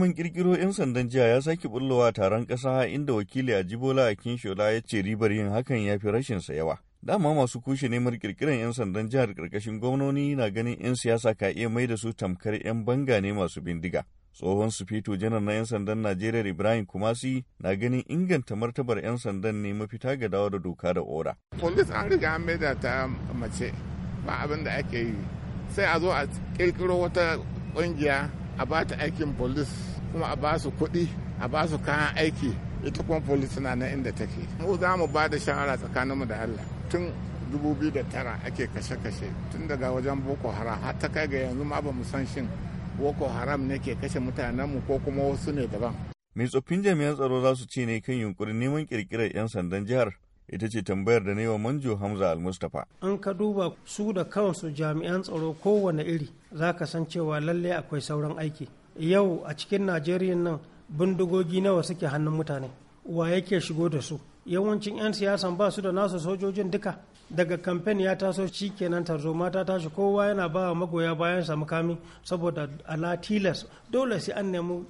Mun kirkiro 'yan sandan jiya ya sake bullowa taron ƙasa inda wakili Ajibola Akinshola ya ce ribar yin hakan ya fi rashinsa yawa. Dama masu kushe neman kirkiran 'yan sandan jihar ƙarƙashin gwamnoni na ganin 'yan siyasa ka iya mai da su tamkar 'yan banga ne masu bindiga. tsohon su fito janar na 'yan sandan najeriya ibrahim kumasi na ganin inganta martabar 'yan sandan ne mafita ga dawa da doka da ora polis an riga an maida ta mace ba abin da ake yi sai a zo a kirkiro wata kungiya a ba ta aikin polis kuma a ba su kuɗi a ba su kayan aiki ita kuma polis na nan inda take mu za mu ba da shawara tsakaninmu da allah tun 2009 ake kashe-kashe tun daga wajen boko haram har ta kai ga yanzu ma ba mu san shin boko haram ne ke kashe mutanenmu ko kuma wasu ne daban mai tsoffin jami'an tsaro za su ce ne kan yunkurin neman kirkirar 'yan sandan jihar ita ce tambayar da na yi wa manjo hamza almustapha an ka duba su da kansu jami'an tsaro kowane iri za ka san cewa lalle akwai sauran aiki yau a cikin najeriya nan bindigogi nawa suke hannun mutane wa yake shigo da su yawancin 'yan siyasan ba su da nasu sojojin duka daga kamfen ya taso shi kenan tarzoma ta tashi kowa yana ba magoya bayan sa mukami saboda ala tilas dole sai an nemi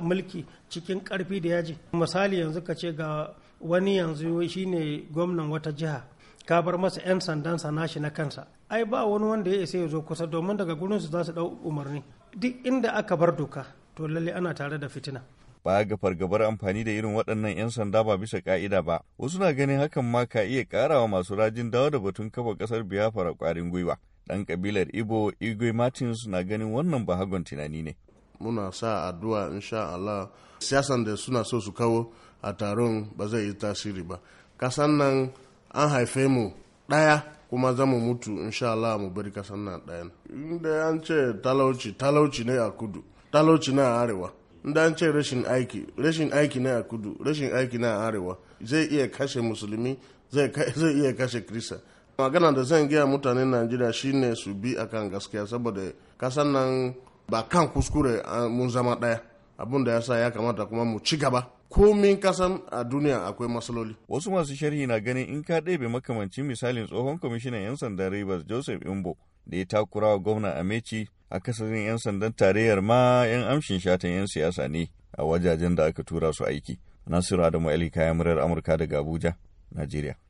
mulki cikin karfi da yaji misali yanzu ka ce ga wani yanzu shi ne gwamnan wata jiha ka bar masa 'yan sandansa nashi na kansa ai ba wani wanda ya isa ya zo kusa domin daga su za su dau umarni duk inda aka bar doka to lalle ana tare da fitina ba ga fargabar amfani da irin waɗannan 'yan sanda ba bisa ka'ida ba wasu na ganin hakan ma ka iya karawa masu rajin dawo da batun kafa ƙasar biyafara ƙwarin gwiwa ɗan ƙabilar ibo igwe martins na ganin wannan ba hagon tunani ne muna sa addu'a insha Allah siyasan da suna so su kawo a taron ba zai yi tasiri ba kasan nan an haife mu ɗaya kuma za mu mutu insha Allah mu bari kasan nan ɗaya inda an ce talauci talauci ne a kudu talauci ne a arewa inda an ce rashin aiki rashin aiki ne a kudu rashin aiki ne a arewa zai iya kashe musulmi zai iya kashe krista magana da zan gaya mutanen najeriya shine su bi akan gaskiya saboda kasan nan ba kan kuskure mun zama ɗaya abin da ya sa ya kamata kuma mu ci gaba komin kasan a duniya akwai matsaloli. Wasu masu sharhi na ganin in ka ɗebe makamancin misalin tsohon kwamishinan 'yan sandan Rivers Joseph Imbo da ya takura wa gwamna Amechi a kasarin 'yan sandan tarayyar ma 'yan amshin shatan 'yan siyasa ne a wajajen da aka tura su aiki. Nasiru Adamu Ali kayan murar Amurka daga Abuja, Najeriya.